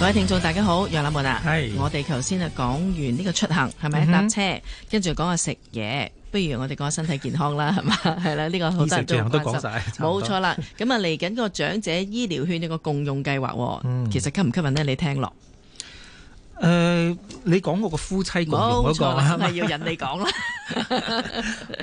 各位聽眾大家好，楊立文啊，Hey. 我哋頭先啊講完呢個出行係咪搭車，跟住講下食嘢，不如我哋講下身體健康啦，係嘛？係啦。呢個好多人，都講晒，冇錯啦。咁啊嚟緊個長者醫療券呢個共用計劃， 其實吸唔吸引呢？你聽落。誒、呃，你講嗰個夫妻共用嗰係要人哋講啦。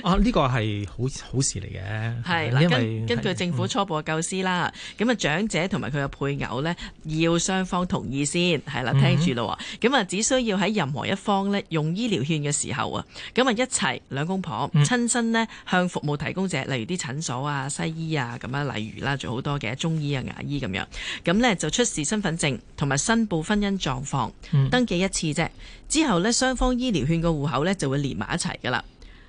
啊，呢、這個係好好事嚟嘅，係啦的。為根根據政府初步嘅構思啦，咁啊、嗯，長者同埋佢嘅配偶咧，要雙方同意先係啦，聽住咯。咁啊、嗯，只需要喺任何一方咧用醫療券嘅時候啊，咁啊一齊兩公婆親身咧向服務提供者，嗯、例如啲診所啊、西醫啊咁樣，例如啦，做好多嘅中醫啊、牙醫咁樣，咁咧就出示身份證同埋申報婚姻狀況。嗯登記一次啫，之後咧雙方醫療券個戶口咧就會連埋一齊噶啦。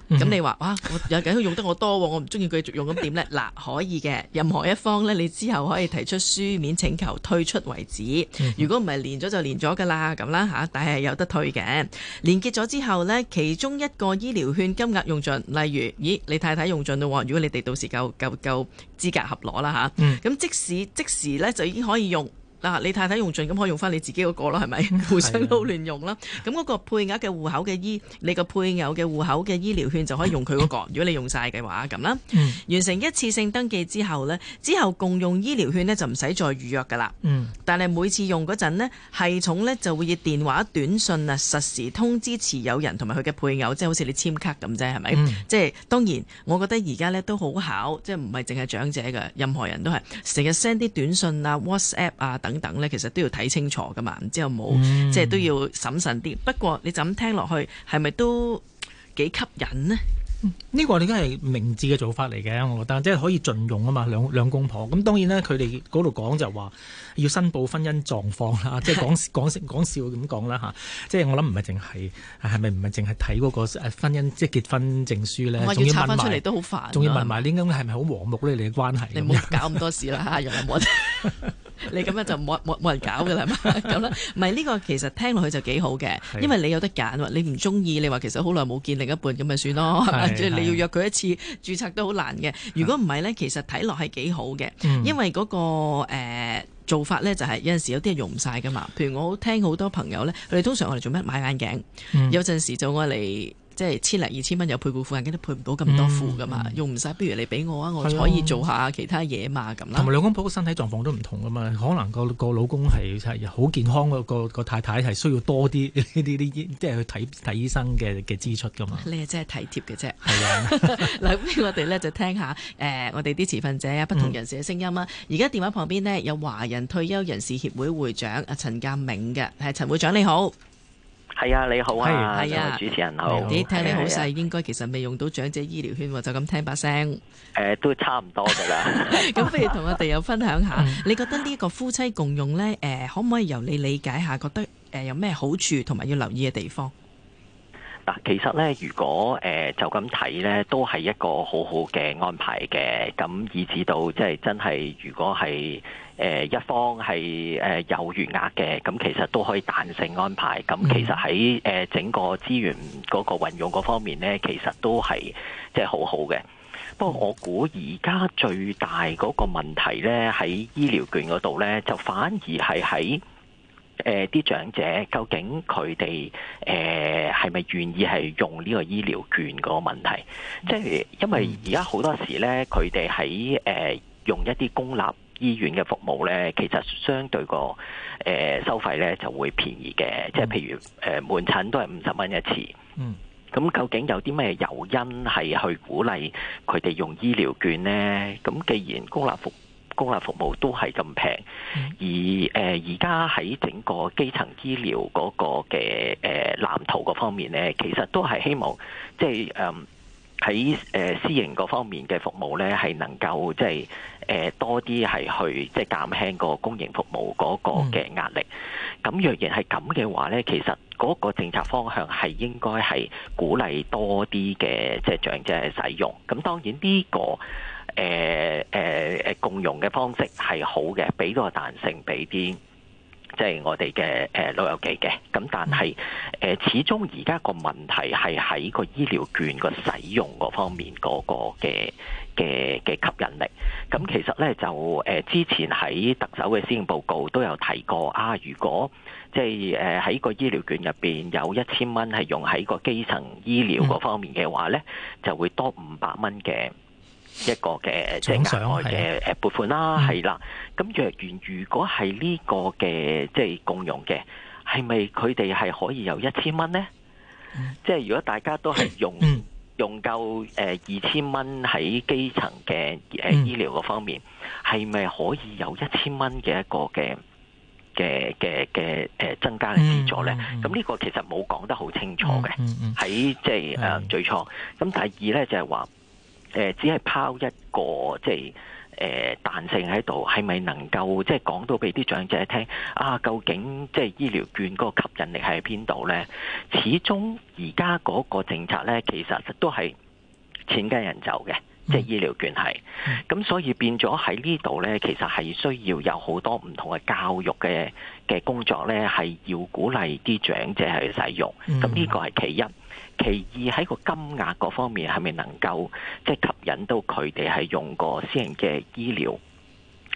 咁、嗯、你話哇，我有緊要用得我多，我唔中意繼續用咁點咧？嗱，可以嘅，任何一方咧，你之後可以提出書面請求退出為止。嗯、如果唔係連咗就連咗噶啦，咁啦嚇，但係有得退嘅。連結咗之後咧，其中一個醫療券金額用盡，例如咦，你太太用盡喇喎。如果你哋到時夠夠夠資格合攞啦嚇，咁即使即時咧就已經可以用。嗱、啊，你太太用盡，咁可以用翻你自己嗰、那個咯，係咪互相都亂用啦？咁嗰的個配額嘅戶口嘅醫，你個配偶嘅戶口嘅醫療券就可以用佢嗰、那個， 如果你用晒嘅話咁啦。嗯、完成一次性登記之後呢，之後共用醫療券呢，就唔使再預約噶啦。嗯、但係每次用嗰陣呢，系統呢就會以電話、短信啊，實時通知持有人同埋佢嘅配偶，即係好似你簽卡咁啫，係咪？嗯、即係當然，我覺得而家呢都好考，即係唔係淨係長者嘅，任何人都係成日 send 啲短信啊 WhatsApp 啊。等等咧，其實都要睇清楚噶嘛，唔知有冇，嗯、即係都要審慎啲。不過你就咁聽落去，係咪都幾吸引呢？呢、嗯呢個你都係明智嘅做法嚟嘅，我覺得，即係可以盡用啊嘛。兩兩公婆咁，當然咧，佢哋嗰度講就話要申報婚姻狀況啦，是即係講講笑笑咁講啦嚇。即係我諗唔係淨係係咪唔係淨係睇嗰個婚姻即係結婚證書咧，仲要拆翻出嚟都好煩、啊，仲要問埋啲咁係咪好和睦咧？你嘅關係，你冇搞咁多事啦， 啊 你咁樣就冇冇冇人搞㗎啦，係咁啦？唔係呢個其實聽落去就幾好嘅，是 因為你有得揀啊！你唔中意，你話其實好耐冇見另一半咁咪算咯，即係你要約佢一次註冊都好難嘅。如果唔係咧，其實睇落係幾好嘅，是 因為嗰個呃做法咧就係有陣時有啲係用唔晒噶嘛。譬如我聽好多朋友咧，佢哋通常我哋做乜買眼鏡？是 有陣時就我嚟。即係千零二千蚊有配股款，人，本都配唔到咁多副噶嘛，嗯、用唔晒不如你俾我啊，我可以做下其他嘢嘛咁啦。同埋兩公婆嘅身體狀況都唔同噶嘛，可能個個老公係好健康的，個、個個太太係需要多啲呢啲呢啲，即係去睇睇醫生嘅嘅支出噶嘛。你係真係體貼嘅啫。係啊是的，嗱， 我哋咧就聽下誒、呃、我哋啲持份者啊，不同人士嘅聲音啊。而家、嗯、電話旁邊呢，有華人退休人士協會會長阿陳鑑銘嘅，係陳會長你好。係啊，你好啊，係啊，主持人好。你好聽你好細，啊啊、應該其實未用到長者醫療券，我就咁聽把聲。誒、呃，都差唔多噶啦。咁 不如同我哋有分享一下， 你覺得呢個夫妻共用呢，誒、呃，可唔可以由你理解一下，覺得誒有咩好處，同埋要留意嘅地方？嗱，其實呢，如果誒、呃、就咁睇呢，都係一個好好嘅安排嘅。咁以至到即係真係，如果係。誒一方係誒有餘額嘅，咁其實都可以彈性安排。咁其實喺誒整個資源嗰個運用嗰方面呢，其實都係即係好好嘅。不過我估而家最大嗰個問題咧，喺醫療券嗰度呢，就反而係喺誒啲長者究竟佢哋誒係咪願意係用呢個醫療券個問題，即係因為而家好多時呢，佢哋喺誒用一啲公立醫院嘅服務咧，其實相對個誒、呃、收費咧就會便宜嘅，即係譬如誒門、呃、診都係五十蚊一次。嗯，咁究竟有啲咩由因係去鼓勵佢哋用醫療券咧？咁既然公立服公立服務都係咁平，嗯、而誒而家喺整個基層醫療嗰個嘅誒、呃、藍圖嗰方面咧，其實都係希望即係誒。呃喺誒私營嗰方面嘅服務咧，係能夠即係誒多啲係去即係、即係、減輕個公營服務嗰個嘅壓力。咁若然係咁嘅話咧，其實嗰個政策方向係應該係鼓勵多啲嘅即係長者使用。咁當然呢、呢個誒誒誒共用嘅方式係好嘅，俾到個彈性俾啲。即係我哋嘅誒老友記嘅，咁但係誒、呃、始終而家個問題係喺個醫療券個使用嗰方面嗰個嘅嘅嘅吸引力。咁其實咧就誒、呃、之前喺特首嘅施政報告都有提過啊。如果即係誒喺個醫療券入邊有一千蚊係用喺個基層醫療嗰方面嘅話咧，就會多五百蚊嘅。一個嘅即係額外嘅誒撥款啦，係啦。咁若然如果係呢個嘅即係共用嘅，係咪佢哋係可以有一千蚊呢？即係如果大家都係用用夠誒二千蚊喺基層嘅誒醫療嗰方面，係咪可以有一千蚊嘅一個嘅嘅嘅嘅誒增加嘅資助呢？咁呢個其實冇講得好清楚嘅，喺即係誒最初。咁第二呢就係話。誒，只係拋一個即係誒彈性喺度，係咪能夠即係講到俾啲長者聽啊？究竟即係醫療券嗰個吸引力喺邊度咧？始終而家嗰個政策咧，其實都係錢跟人走嘅，即係醫療券係。咁、嗯、所以變咗喺呢度咧，其實係需要有好多唔同嘅教育嘅嘅工作咧，係要鼓勵啲長者去使用。咁呢、嗯、個係其一。其二，喺個金額各方面係咪能夠即係、就是、吸引到佢哋係用過私人嘅醫療？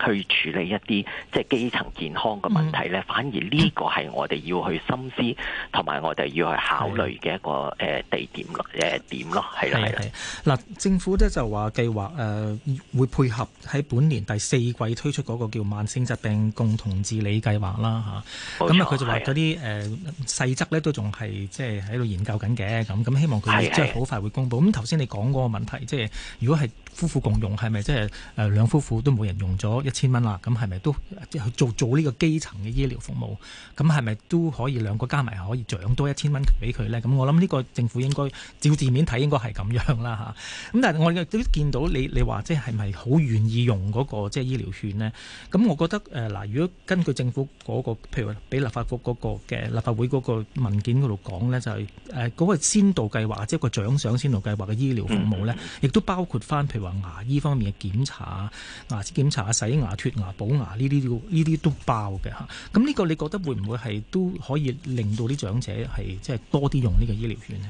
去處理一啲即係基層健康嘅問題咧，嗯、反而呢個係我哋要去深思同埋、嗯、我哋要去考慮嘅一個誒的地點咯，誒、呃、點咯，係啦係啦，嗱，政府咧就話計劃誒、呃、會配合喺本年第四季推出嗰個叫慢性疾病共同治理計劃啦嚇。咁啊，佢錯就話嗰啲誒細則咧都仲係即係喺度研究緊嘅，咁咁希望佢即係好快會公布。咁頭先你講嗰個問題，即、就、係、是、如果係夫婦共用，係咪即係誒兩夫婦都冇人用咗？一千蚊啦，咁係咪都即係做做呢個基層嘅醫療服務？咁係咪都可以兩個加埋可以獎多一千蚊俾佢咧？咁我諗呢個政府應該照字面睇，應該係咁樣啦吓。咁、啊、但係我亦都見到你你話即係咪好願意用嗰、那個即係、就是、醫療券咧？咁我覺得誒嗱、呃，如果根據政府嗰、那個，譬如話俾立法局嗰個嘅立法會嗰、那個、個文件嗰度講咧，就係誒嗰個先導計劃，即、就、係、是、個獎賞先導計劃嘅醫療服務咧，亦、嗯、都包括翻，譬如話牙醫方面嘅檢查、牙齒檢查牙脫牙補牙呢啲呢啲都包嘅吓，咁呢個你覺得會唔會係都可以令到啲長者係即係多啲用呢個醫療券呢？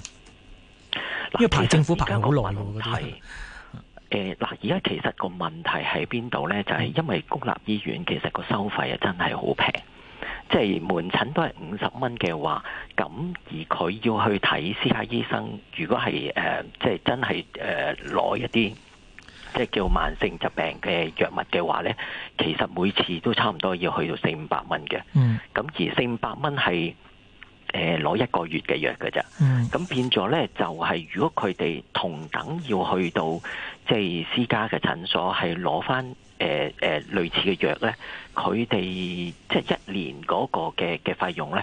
其實 因為排政府排好耐，係誒，嗱而家其實個問題喺邊度呢？就係、是、因為公立醫院其實個收費啊真係好平，即、就、係、是、門診都係五十蚊嘅話，咁而佢要去睇私家醫生，如果係誒即係真係誒攞一啲。即係叫慢性疾病嘅藥物嘅話呢，其實每次都差唔多要去到四五百蚊嘅。嗯，咁而四五百蚊係誒攞一個月嘅藥㗎咋。咁、mm. 變咗呢，就係、是、如果佢哋同等要去到即係、就是、私家嘅診所，係攞翻誒誒類似嘅藥呢，佢哋即係一年嗰個嘅嘅費用呢。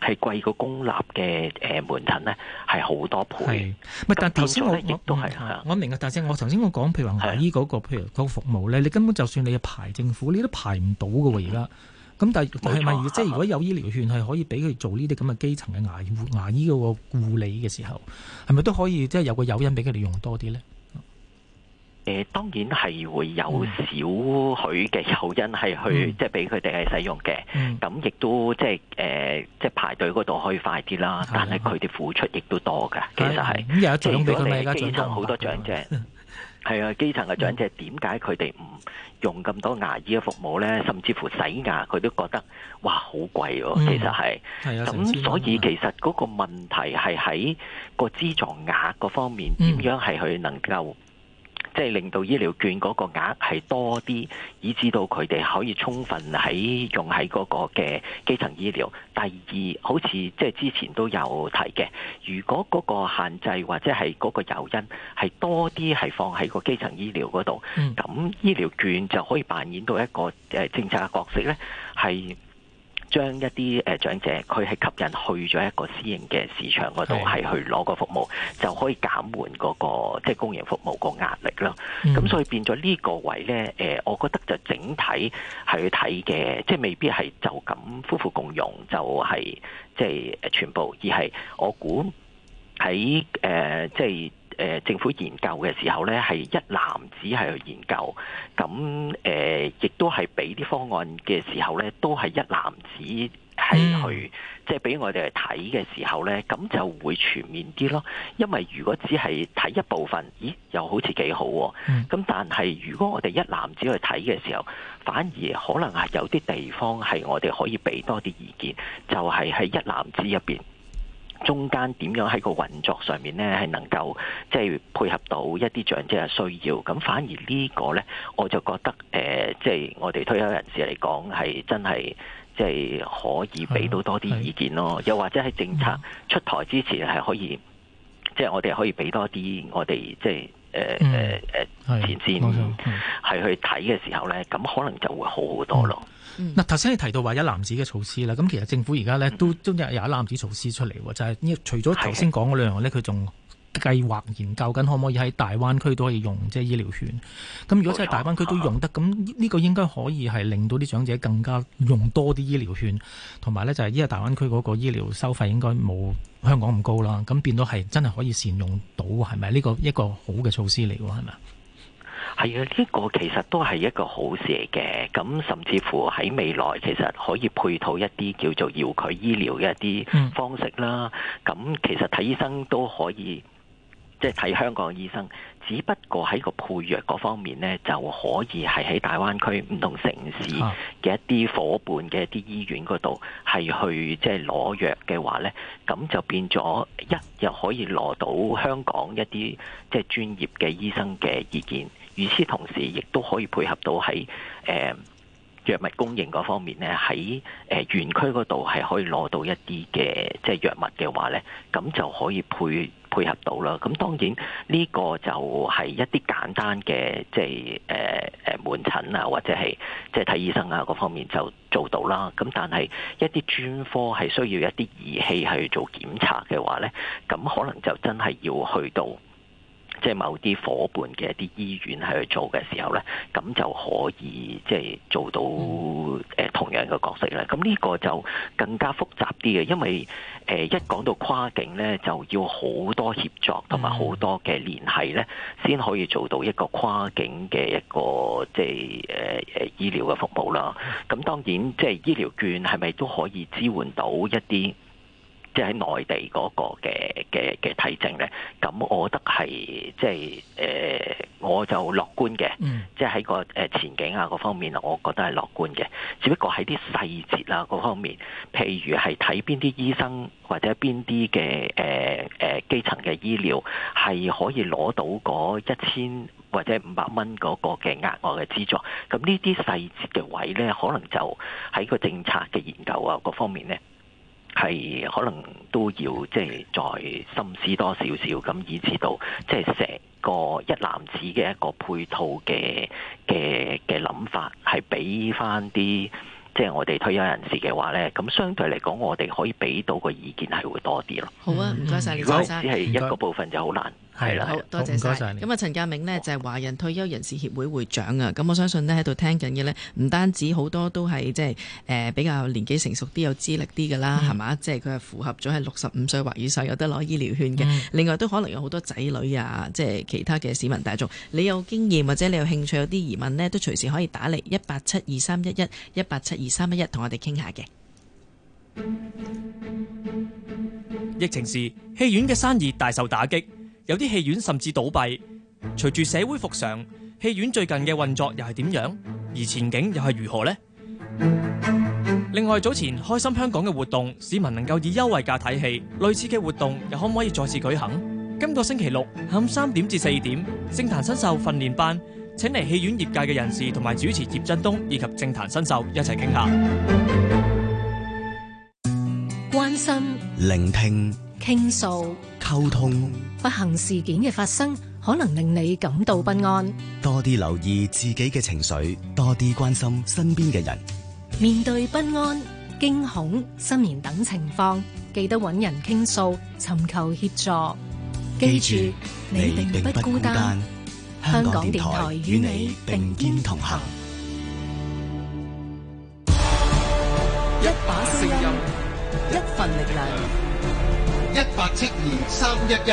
係貴過公立嘅誒門診咧，係好多倍。係，但頭先我都係我都係我明啊，係但係我頭先我講，譬如話牙醫嗰個，譬如嗰個服務咧，啊，你根本就算你排政府，你都排唔到嘅喎。而家咁，但係但係即係如果有醫療券係可以俾佢做呢啲咁嘅基層嘅牙牙醫嗰個護理嘅時候，係咪都可以即係有個誘因俾佢哋用多啲咧？當然係會有少許嘅誘因係去，即係俾佢哋係使用嘅。咁亦都即係誒，即係排隊嗰度可以快啲啦。但係佢哋付出亦都多嘅，其實係。有一張係。如果基層好多長者，係啊，基層嘅長者點解佢哋唔用咁多牙醫嘅服務呢？甚至乎洗牙，佢都覺得哇，好貴。其實係。係咁所以其實嗰個問題係喺個資助額方面，點樣係佢能夠即係令到醫療券嗰個額係多啲，以至到佢哋可以充分喺用喺嗰個嘅基層醫療。第二，好似即係之前都有提嘅，如果嗰個限制或者係嗰個誘因係多啲係放喺個基層醫療嗰度，咁醫療券就可以扮演到一個誒政策嘅角色咧，係。將一啲誒長者，佢係吸引去咗一個私營嘅市場嗰度，係的去攞個服務，就可以減緩嗰、那個即係、就是、公營服務個壓力啦。咁、嗯、所以變咗呢個位呢，誒，我覺得就整體去睇嘅，即、就、係、是、未必係就咁夫婦共用就係即係全部，而係我估喺誒即係。呃就是呃、政府研究嘅時候呢，係一男子係去研究，咁、呃、亦都係俾啲方案嘅時候呢，都係一男子係去，嗯、即係俾我哋去睇嘅時候呢，咁就會全面啲咯。因為如果只係睇一部分，咦，又好似幾好，啊，咁、嗯、但係如果我哋一男子去睇嘅時候，反而可能係有啲地方係我哋可以俾多啲意見，就係、是、喺一男子入邊。中間點樣喺個運作上面呢，係能夠即係、即係、配合到一啲長者嘅需要。咁反而呢個呢，我就覺得誒，即、呃、係、即係、我哋退休人士嚟講，係真係即係可以俾到多啲意見咯。是是，又或者喺政策出台之前，係可以即係、嗯、我哋可以俾多啲我哋即係。即係誒誒誒，呃嗯、前線係去睇嘅時候咧，咁、嗯、可能就會好好多咯、嗯。嗱，頭先你提到話一攬子嘅措施啦，咁其實政府而家咧都都有一攬子措施出嚟喎，嗯、就係呢除咗頭先講嗰兩樣咧，佢仲的計劃研究緊可唔可以喺大灣區都可以用即係醫療券？咁如果真係大灣區都用得，咁呢個應該可以係令到啲長者更加用多啲醫療券，同埋呢，就係依家大灣區嗰個醫療收費應該冇香港咁高啦。咁變到係真係可以善用到，係咪呢個一個好嘅措施嚟㗎？係咪啊？係啊，呢、呢個其實都係一個好事嚟嘅。咁甚至乎喺未來，其實可以配套一啲叫做遙距醫療嘅一啲方式啦。咁、嗯、其實睇醫生都可以。即係睇香港嘅醫生，只不過喺個配藥嗰方面呢，就可以係喺大灣區唔同城市嘅一啲伙伴嘅一啲醫院嗰度係去，即係攞藥嘅話呢，咁就變咗一又可以攞到香港一啲即係專業嘅醫生嘅意見，與此同時亦都可以配合到喺誒。呃藥物供應嗰方面咧，喺誒園區嗰度係可以攞到一啲嘅即係藥物嘅話咧，咁就可以配配合到啦。咁當然呢個就係一啲簡單嘅即係誒誒門診啊，或者係即係睇醫生啊嗰方面就做到啦。咁但係一啲專科係需要一啲儀器去做檢查嘅話咧，咁可能就真係要去到。即係某啲伙伴嘅一啲醫院係去做嘅時候呢，咁就可以即係做到誒同樣嘅角色咧。咁呢個就更加複雜啲嘅，因為誒一講到跨境呢，就要好多協作同埋好多嘅聯繫呢，先可以做到一個跨境嘅一個即係誒誒醫療嘅服務啦。咁當然，即係醫療券係咪都可以支援到一啲？即喺內地嗰個嘅嘅嘅睇症咧，咁我覺得係即係誒，我就樂觀嘅。即喺、mm. 個誒前景啊各方面，我覺得係樂觀嘅。只不過喺啲細節啊各方面，譬如係睇邊啲醫生或者邊啲嘅誒誒基層嘅醫療係可以攞到嗰一千或者五百蚊嗰個嘅額外嘅資助，咁呢啲細節嘅位咧，可能就喺個政策嘅研究啊各方面咧。係可能都要即係再深思多少少咁，以至到即係成個一籃子嘅一個配套嘅嘅嘅諗法是比一些，係俾翻啲即係我哋退休人士嘅話咧，咁相對嚟講，我哋可以俾到個意見係會多啲咯。好啊，唔該晒你，如果只係一個部分就好難。係啦，好多謝晒。咁啊，陳鑑銘咧，就係華人退休人士協會會長啊。咁我相信咧喺度聽緊嘅咧，唔單止好多都係即係誒比較年紀成熟啲、有資歷啲噶啦，係嘛、嗯？即係佢係符合咗係六十五歲或以上有得攞醫療券嘅。嗯、另外都可能有好多仔女啊，即係其他嘅市民大眾。你有經驗或者你有興趣，有啲疑問呢，都隨時可以打嚟，一八七二三一一一八七二三一一同我哋傾下嘅。疫情時，戲院嘅生意大受打擊。有啲戲院甚至倒閉，隨住社會復常，戲院最近嘅運作又係點樣？而前景又係如何呢？另外早前開心香港嘅活動，市民能夠以優惠價睇戲，類似嘅活動又可唔可以再次舉行？今個星期六下午三點至四點，政壇新秀訓練班，請嚟戲院業界嘅人士同埋主持葉振東以及政壇新秀一齊傾下，關心、聆聽、傾訴。溝通不幸事件嘅發生，可能令你感到不安。多啲留意自己嘅情緒，多啲關心身邊嘅人。面對不安、驚恐、失眠等情況，記得揾人傾訴，尋求協助。記住，你並不孤單，香港電台與你並肩同行。一把聲音，一份力量。一八七二三一一，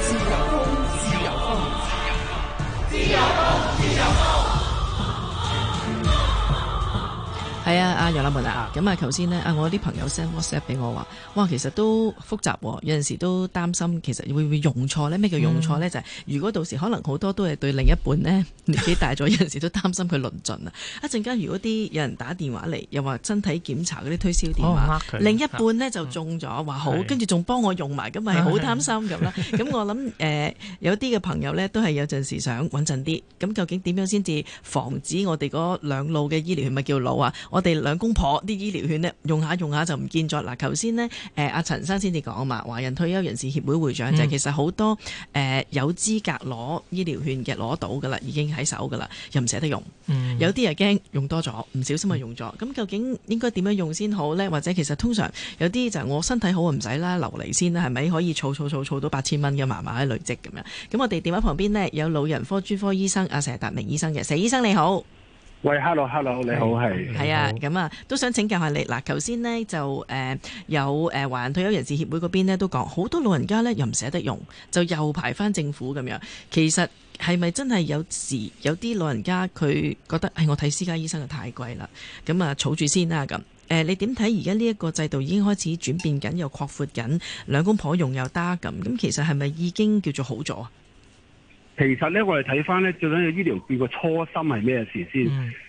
自由風，自由風，自由風，自由風，自由風。係啊，阿楊立文啊，咁啊，頭先咧，啊，我啲朋友 send、啊、WhatsApp 俾我話，哇，其實都複雜、哦，有陣時都擔心，其實會唔會用錯咧？咩叫用錯咧？嗯、就係如果到時可能好多都係對另一半呢，年紀大咗， 有陣時都擔心佢論盡啊。一陣間如果啲有人打電話嚟，又話身體檢查嗰啲推銷電話，哦、另一半呢、嗯、就中咗，話好，是跟住仲幫我用埋，咁咪好貪心咁啦。咁 我諗誒、呃，有啲嘅朋友咧都係有陣時想穩陣啲。咁究竟點樣先至防止我哋嗰兩路嘅醫療係咪叫老啊？我哋兩公婆啲醫療券咧用下用下就唔見咗。嗱，頭先呢，誒，阿陳生先至講啊嘛，華人退休人士協會會長、嗯、就係其實好多誒有資格攞醫療券嘅攞到噶啦，已經喺手噶啦，又唔捨得用。嗯、有啲又驚用多咗，唔小心啊用咗。咁、嗯、究竟應該點樣用先好呢？或者其實通常有啲就係我身體好唔使啦，留嚟先啦，係咪可以儲儲儲儲到八千蚊嘅麻麻啲累積咁樣？咁我哋電話旁邊呢，有老人科專科醫生阿佘達明醫生嘅，佘醫生你好。喂，hello，hello，Hello，你好係，係啊，咁啊，都想請教下你。嗱、啊，頭先呢就誒、呃、有誒華、呃、人退休人士協會嗰邊呢都講，好多老人家呢又唔捨得用，就又排翻政府咁樣。其實係咪真係有時有啲老人家佢覺得係、哎、我睇私家醫生就太貴啦，咁啊儲住先啦、啊、咁。誒、呃，你點睇而家呢一個制度已經開始轉變緊，又擴闊緊，兩公婆用又得咁。咁其實係咪已經叫做好咗啊？其實咧，我哋睇翻咧，最緊要醫療業、mm. 個初心係咩事先？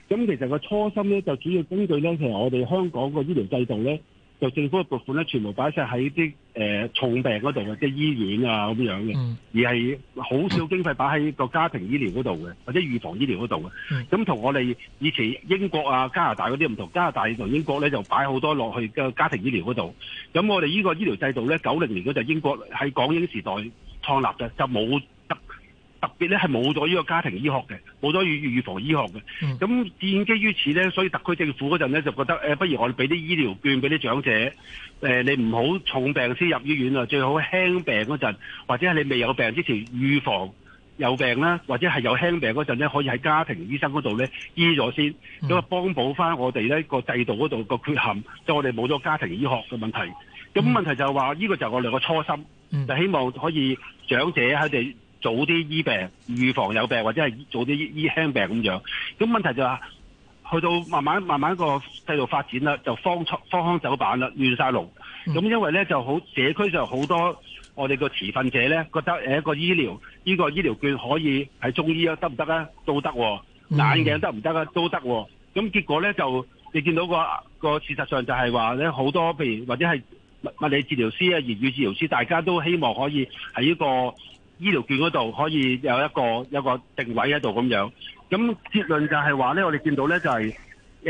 咁其實個初心咧，就主要根據咧，其實我哋香港個醫療制度咧，就政府嘅撥款咧，全部擺晒喺啲誒重病嗰度或者醫院啊咁樣嘅，mm. 而係好少經費擺喺個家庭醫療嗰度嘅，或者預防醫療嗰度嘅。咁同、mm. 我哋以前英國啊、加拿大嗰啲唔同，加拿大同英國咧就擺好多落去個家庭醫療嗰度。咁我哋呢個醫療制度咧，九零年嗰陣英國喺港英時代創立嘅，就冇特別咧係冇咗呢個家庭醫學嘅，冇咗預預防醫學嘅。咁建基於此咧，所以特區政府嗰陣咧就覺得，誒，不如我哋俾啲醫療券俾啲長者，誒、呃，你唔好重病先入醫院啊，最好輕病嗰陣，或者係你未有病之前預防有病啦，或者係有輕病嗰陣咧，可以喺家庭醫生嗰度咧醫咗先，咁啊、嗯、幫補翻我哋咧個制度嗰度個缺陷，即係我哋冇咗家庭醫學嘅問題。咁問題就係話，呢、呢個就係我哋個初心，嗯、就希望可以長者喺地。早啲醫病預防有病，或者係早啲醫輕病咁樣。咁問題就係、是、去到慢慢慢慢個制度發展啦，就方方腔走板啦，亂晒龍。咁因為咧就好社區就好多我哋個持份者咧，覺得，誒，一個醫療呢、這個醫療券可以喺中醫啊得唔得咧都得喎、啊，眼鏡得唔得咧都得喎、啊。咁結果咧就你見到、那個、那個事實上就係話咧好多，譬如或者係物理治療師啊、言語治療師，大家都希望可以喺呢個。醫療券嗰度可以有一個有一個定位喺度咁樣，咁結論就係話咧，我哋見到咧就係、是、誒、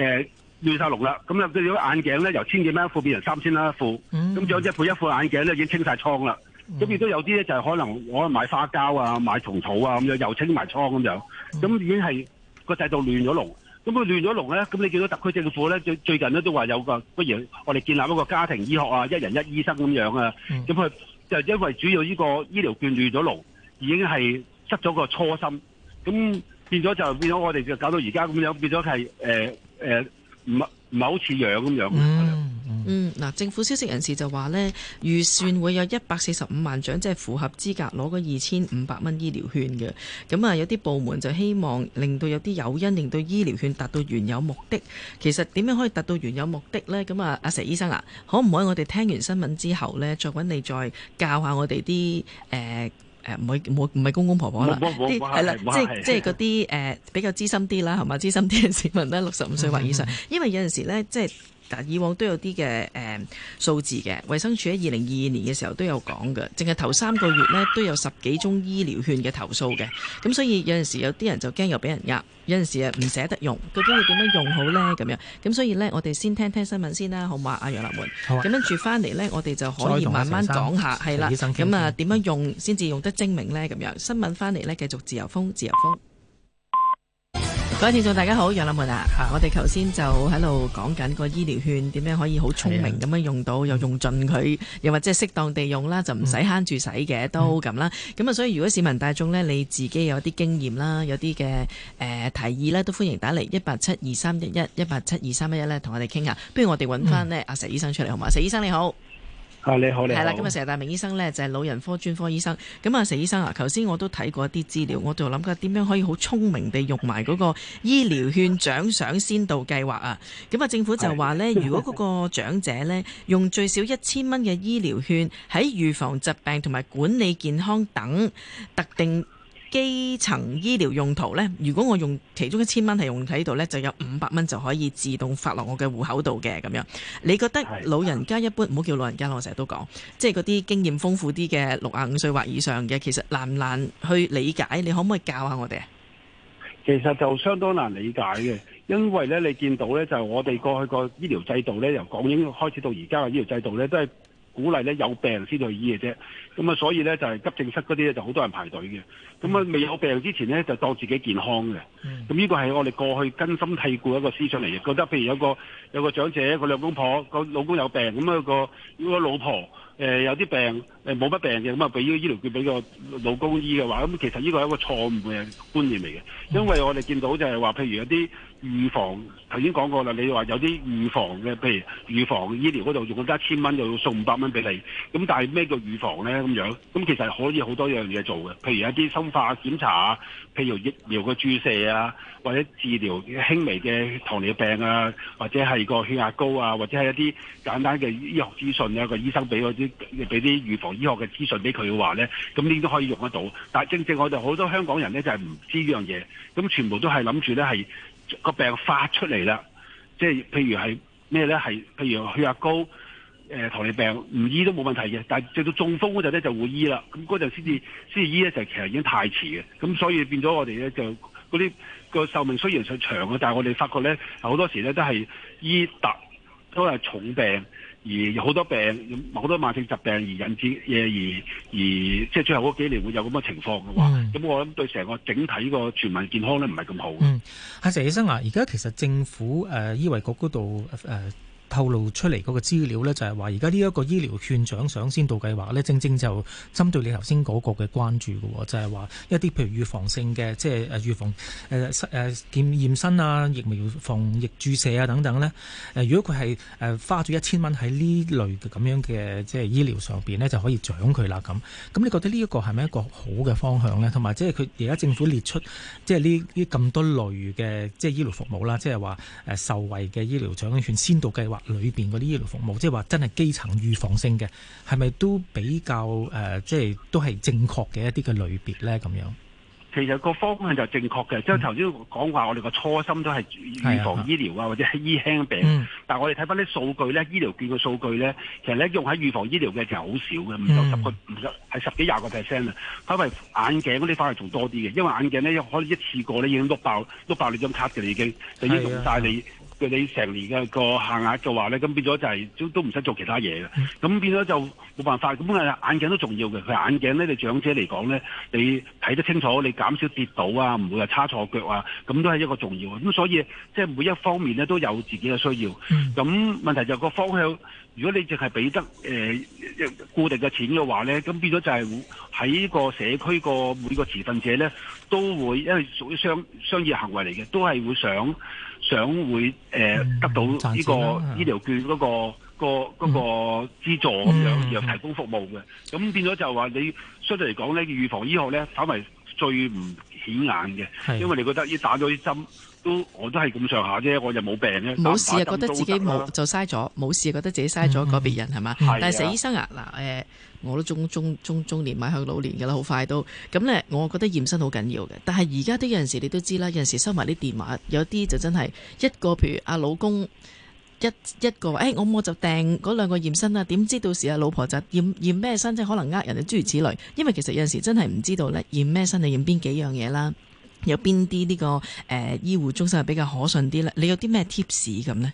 呃、亂晒龍啦，咁啊對住眼鏡咧，由千幾蚊一副變成三千蚊一副，咁仲有一副一副眼鏡咧已經清晒倉啦，咁、嗯、亦、嗯、都有啲咧就係、是、可能我買花膠啊、買蟲草啊咁樣又清埋倉咁樣，咁已經係個制度亂咗龍，咁佢亂咗龍咧，咁你見到特區政府咧最最近咧都話有個不如我哋建立一個家庭醫學啊，一人一醫生咁樣啊，咁佢、嗯。就因為主要呢個醫療券亂咗路，已經係失咗個初心，咁變咗就變咗我哋就搞到而家咁樣，變咗係誒誒唔係唔係好似樣咁樣。嗯嗯，嗱、啊，政府消息人士就話呢，預算會有一百四十五萬獎，即係符合資格攞嗰二千五百蚊醫療券嘅。咁啊，有啲部門就希望令到有啲誘因，令到醫療券達到原有目的。其實點樣可以達到原有目的呢？咁啊，阿佘醫生啊，可唔可以我哋聽完新聞之後呢，再搵你再教下我哋啲誒誒，唔係唔係公公婆婆啦，係、呃、啦，即係即係嗰啲誒比較資深啲啦，係嘛，資深啲嘅市民呢，六十五歲或以上，嗯、因為有陣時呢即係。以往都有啲嘅、呃、數字嘅，衛生署喺二零二二年嘅時候都有講㗎，淨係頭三個月呢，都有十幾宗醫療券嘅投訴嘅，咁所以有陣時有啲人就驚又俾人呃，有陣時啊唔捨得用，究竟會點樣用好呢？咁樣？咁所以呢，我哋先聽聽新聞先啦，好唔好？啊楊立門，咁跟、啊、住翻嚟呢，我哋就可以慢慢講下，係啦，咁啊點樣用先至用得精明呢？咁樣？新聞翻嚟呢，繼續自由風，自由風。各位聽眾，大家好，楊立文啊，我哋頭先就喺度講緊個醫療券點樣可以好聰明咁樣用到，啊、又用盡佢，又或者係適當地用啦，就唔使慳住使嘅，嗯、都咁啦。咁啊，所以如果市民大眾呢，你自己有啲經驗啦，有啲嘅誒提議呢，都歡迎打嚟，一八七二三一一一八七二三一一咧，同我哋傾下。不如我哋揾翻呢、嗯、阿佘醫生出嚟好嘛？佘醫生你好。啊，你好你好，係啦，佘達明醫生呢，就係、是、老人科專科醫生。咁啊，佘醫生啊，頭先我都睇過一啲資料，我就諗緊點樣可以好聰明地用埋嗰個醫療券獎賞先導計劃啊。咁啊，政府就話呢，的如果嗰個長者呢，用最少一千蚊嘅醫療券喺預防疾病同埋管理健康等特定。基層醫療用途呢？如果我用其中一千蚊係用喺度呢，就有五百蚊就可以自動發落我嘅戶口度嘅，咁樣。你覺得老人家一般唔好的叫老人家，我成日都講，即係嗰啲經驗豐富啲嘅六十五歲或以上嘅，其實難唔難去理解？你可唔可以教下我哋啊？其實就相當難理解嘅，因為呢，你見到呢，就係、我哋過去個醫療制度呢，由港英開始到而家嘅醫療制度呢，都係。鼓勵咧有病先去醫嘅啫，咁、嗯、啊所以咧就係、是、急症室嗰啲咧就好多人排隊嘅，咁、嗯、啊、嗯、未有病之前咧就當自己健康嘅，咁、嗯、呢、嗯、個係我哋過去根深蒂固一個思想嚟嘅，覺得譬如有個有個長者個兩公婆個老公有病，咁啊個如果老婆誒、呃、有啲病冇乜、呃、病嘅，咁啊俾醫療券俾個老公醫嘅話，咁、嗯、其實呢個係一個錯誤嘅觀念嚟嘅，因為我哋見到就係話譬如有啲。預防頭先講過啦，你話有啲預防嘅，譬如預防醫療嗰度用咗一千蚊，就送五百蚊俾你。咁但係咩叫預防呢？咁樣？咁其實可以好多樣嘢做嘅，譬如一啲生化檢查啊，譬如疫苗嘅注射啊，或者治療輕微嘅糖尿病啊，或者係個血壓高啊，或者係一啲簡單嘅醫學資訊啊，個醫生俾嗰啲畀啲預防醫學嘅資訊俾佢嘅話呢，咁你都可以用得到。但係正正我哋好多香港人呢，就係唔知呢樣嘢，咁全部都係諗住呢係。個病發出嚟啦，即係譬如係咩咧？係譬如血壓高、誒、呃、糖尿病，唔醫都冇問題嘅。但係直到中風嗰陣咧，就會醫啦。咁嗰陣先至先醫咧，就其實已經太遲嘅。咁所以變咗我哋咧，就嗰啲、個壽命雖然上長嘅，但係我哋發覺咧，好多時咧都係醫特都係重病。而有好多病，好多慢性疾病而引致嘢，而而，而即係最後嗰幾年會有咁嘅情況嘅話，咁、嗯、我諗對成個整體個全民健康咧唔係咁好。嗯，阿佘醫生啊，而家其實政府誒醫衛局嗰度誒。呃透露出嚟嗰個資料咧，就係話而家呢一個醫療券獎賞先導計劃咧，正正就針對你頭先嗰個嘅關注嘅，就係話一啲譬如預防性嘅，即係誒預防誒誒檢驗身啊、疫苗防疫注射啊等等咧。誒如果佢係誒花咗一千蚊喺呢類嘅咁樣嘅即係醫療上邊咧，就可以獎佢啦咁。咁你覺得呢一個係咪一個好嘅方向咧？同埋即係佢而家政府列出即係呢啲咁多類嘅即係醫療服務啦，即係話誒受惠嘅醫療獎券先導計劃。裏邊嗰啲醫療服務，即係話真係基層預防性嘅，係咪都比較誒、呃，即係都係正確嘅一啲嘅類別咧？咁樣其實個方向就正確嘅，即係頭先講話我哋個初心都係預防醫療啊，或者醫輕病。嗯、但係我哋睇翻啲數據咧，醫療券嘅數據咧，其實咧用喺預防醫療嘅其實好少嘅，唔夠十個，唔夠係、嗯、十幾廿個 percent 啊。反為眼鏡嗰啲反而仲多啲嘅，因為眼鏡咧可一,一次過咧已經碌爆碌爆你張卡嘅，已經，已經就已經用晒你。你成年嘅個限額嘅話咧，咁變咗就係都都唔使做其他嘢嘅，咁變咗就冇辦法。咁眼鏡都重要嘅，佢眼鏡咧，對長者嚟講咧，你睇得清楚，你減少跌倒啊，唔會話叉錯腳啊，咁都係一個重要。咁所以即係、就是、每一方面咧都有自己嘅需要。咁問題就個方向，如果你淨係俾得誒、呃、固定嘅錢嘅話咧，咁變咗就係喺個社區個每個持份者咧都會，因為屬於商商業行為嚟嘅，都係會想。想會誒得到呢個醫療券嗰個個嗰個資助咁樣，又提供服務嘅，咁變咗就話你相對嚟講咧，預防醫學咧，稍為最唔顯眼嘅，因為你覺得要打咗啲針都，我都係咁上下啫，我又冇病嘅。冇事啊，覺得自己冇就嘥咗，冇事啊，覺得自己嘥咗個別人係嘛？但係佘醫生啊，嗱誒。我都中中中中年邁向老年噶啦，好快都咁呢，我覺得驗身好緊要嘅，但係而家都有陣時你都知啦，有陣時收埋啲電話，有啲就真係一個譬如阿老公一一個，誒我、哎、我就訂嗰兩個驗身啦。點知到時阿老婆就驗驗咩身，即係可能呃人啊諸如此類。因為其實有陣時真係唔知道呢驗咩身，係驗邊幾樣嘢啦？有邊啲呢個誒、呃、醫護中心係比較可信啲呢？你有啲咩 tips 咁呢？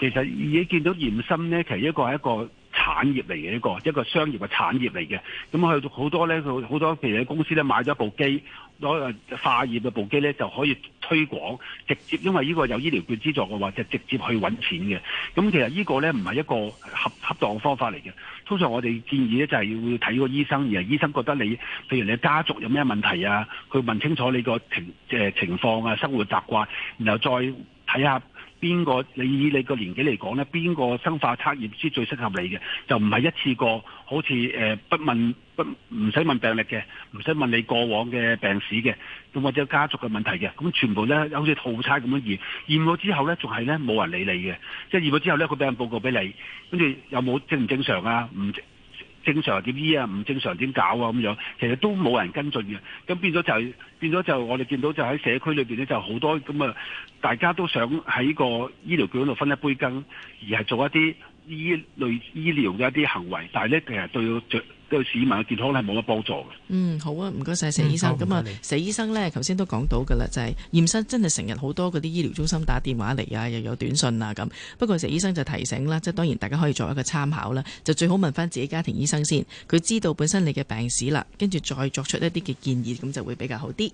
其實而家見到驗身呢，其實一個係一個。產業嚟嘅呢個一個商業嘅產業嚟嘅，咁佢好多咧，佢好多譬如你公司咧買咗部機攞化驗嘅部機咧就可以推廣，直接因為呢個有醫療券資助嘅話就直接去揾錢嘅。咁、嗯、其實這個呢個咧唔係一個合合當嘅方法嚟嘅。通常我哋建議咧就係要睇個醫生，而係醫生覺得你譬如你家族有咩問題啊，佢問清楚你個情誒、呃、情況啊、生活習慣，然後再睇下。邊個？你以你個年紀嚟講咧，邊個生化測驗先最適合你嘅？就唔係一次過，好似誒不問不唔使問病歷嘅，唔使問你過往嘅病史嘅，咁或者家族嘅問題嘅，咁全部咧好似套餐咁樣驗，驗咗之後咧仲係咧冇人理你嘅，即係驗咗之後咧佢俾人報告俾你，跟住有冇正唔正常啊？唔正常點醫啊，唔正常點搞啊咁樣，其實都冇人跟進嘅，咁變咗就係、變咗就我哋見到就喺社區裏邊咧就好多咁啊，大家都想喺個醫療券度分一杯羹，而係做一啲醫類醫療嘅一啲行為，但係咧其實對對市民嘅健康係冇乜幫助嘅。嗯，好啊，唔該晒佘醫生。咁啊、嗯，佘醫生呢，頭先都講到噶啦，就係驗身真係成日好多嗰啲醫療中心打電話嚟啊，又有短信啊咁。不過佘醫生就提醒啦，即係當然大家可以作為一個參考啦，就最好問翻自己家庭醫生先，佢知道本身你嘅病史啦，跟住再作出一啲嘅建議，咁就會比較好啲。